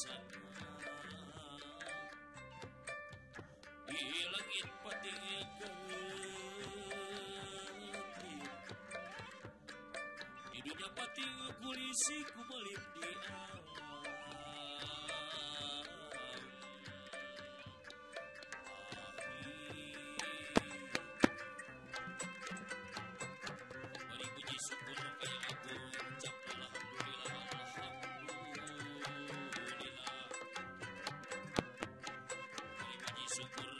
sana di langit petir di dunia petir polisi ku melip di alam Super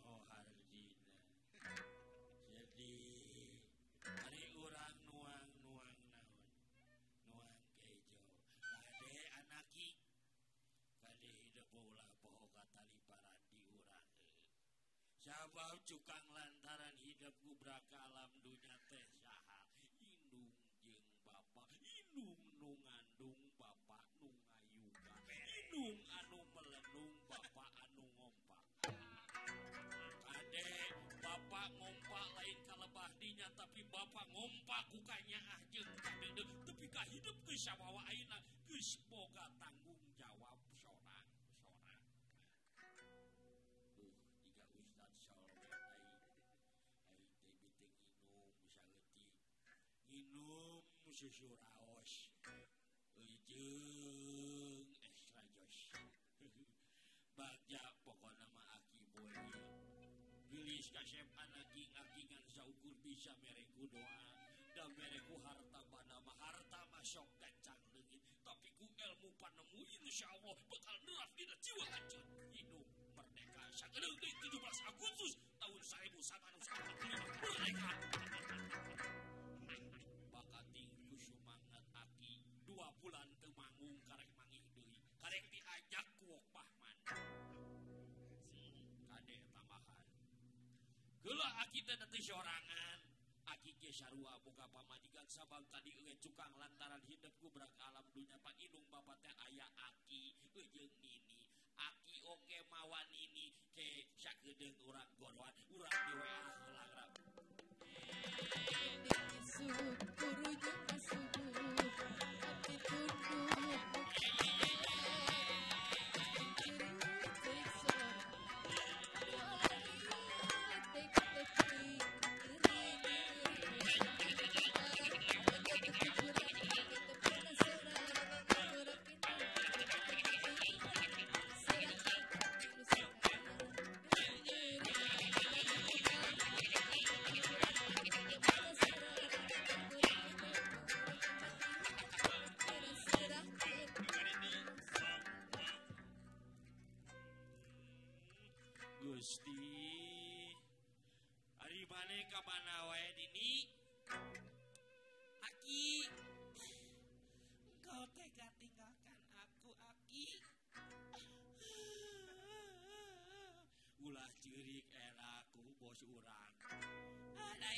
pakukanya aja tapi kah hidup ke sawawa aina geus boga tanggung jawab seorang seorang Uh, jika Ustaz Soleh ai ai teh bitik bisa saleuti minum susu raos ujung extra jos baca pokok nama aki boy bilis kasep anak akingan saukur bisa mereng doa ku harta bana Panama harta masuk gancang lagi tapi ku ilmu panemu insya Allah bakal neraf di jiwa hancur hidup merdeka sakit 17 Agustus tahun 1945 merdeka bakal tinggi semangat aki dua bulan temangung karek mangi deui karek diajak ku Pahman kade tambahan Gula akita nanti sorangan sarua boga pamadikan sabab tadi e cukang lantaran hidupku berak alam dunia pak bapak teh ayah aki ujung eh, nini aki oke mawan ini ke sakeudeung urang goroan urang di WA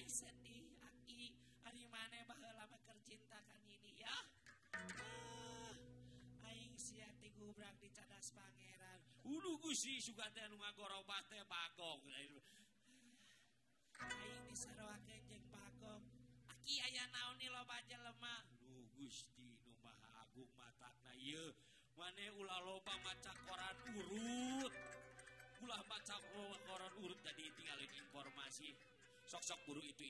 ai sedih aki hari mana yang bakal keur kan ini ya uh, aing sia ti gubrak di cadas pangeran ulu gusi suka teh nu ngagorobah teh bagong aing disaroakeun jeng bagong aki aya naon ni lemah. jelema nu gusti nu maha agung matakna ieu mane ulah loba maca koran urut ulah maca koran urut tadi tinggalin informasi sok-sok buru itu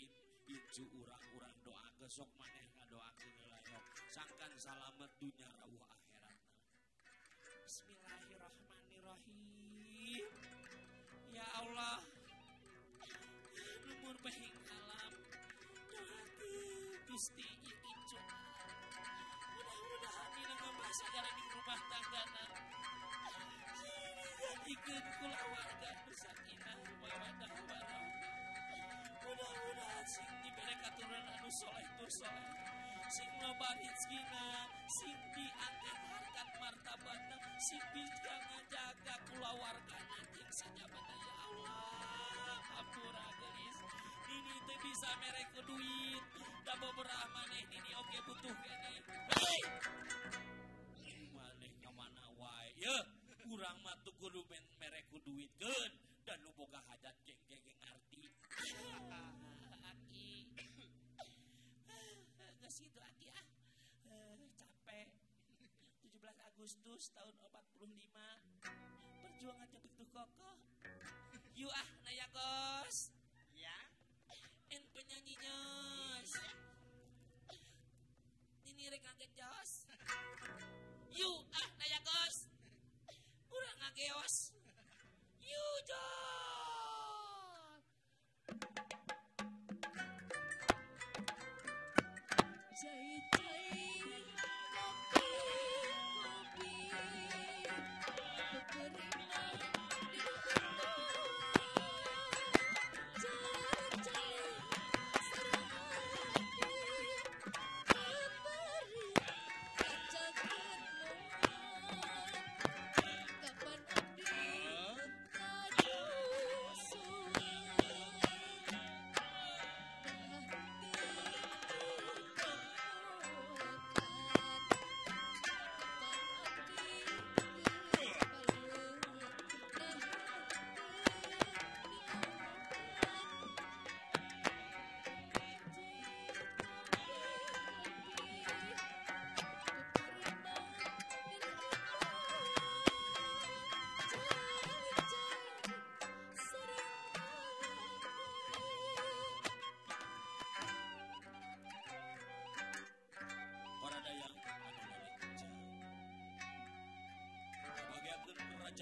itu urang-urang doa ke sok maneh doa ke ngelayok Sangkan salamet dunia rawuh akhirat Bismillahirrahmanirrahim Ya Allah Lumur pehing alam Doati Gusti Icu Mudah-mudahan ini membahas di rumah tangga Ini jadikan kulawarga bersama estado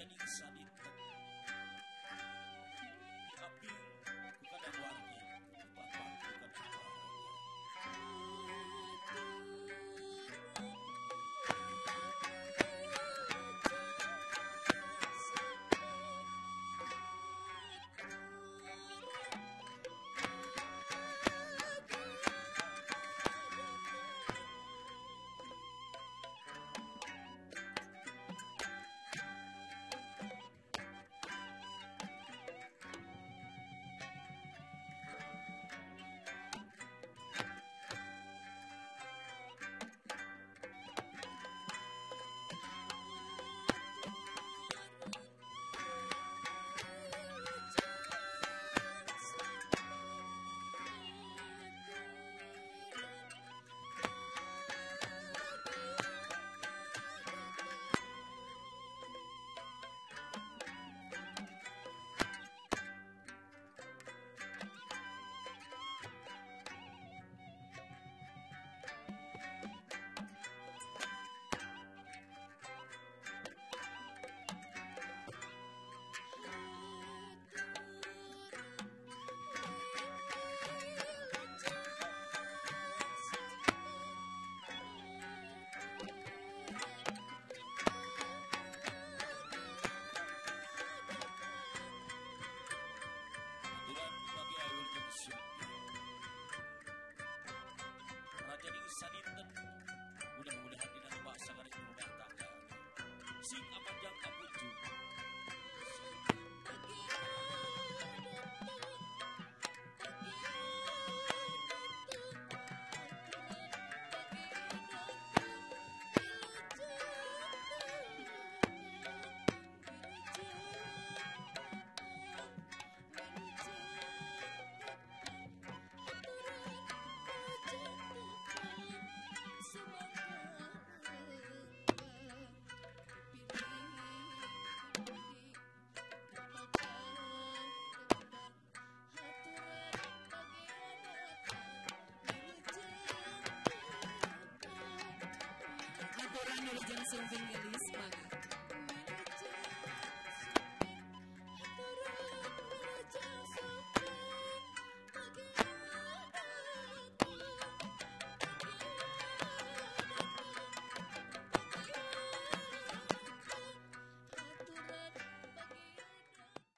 an inside. sou um bengalês,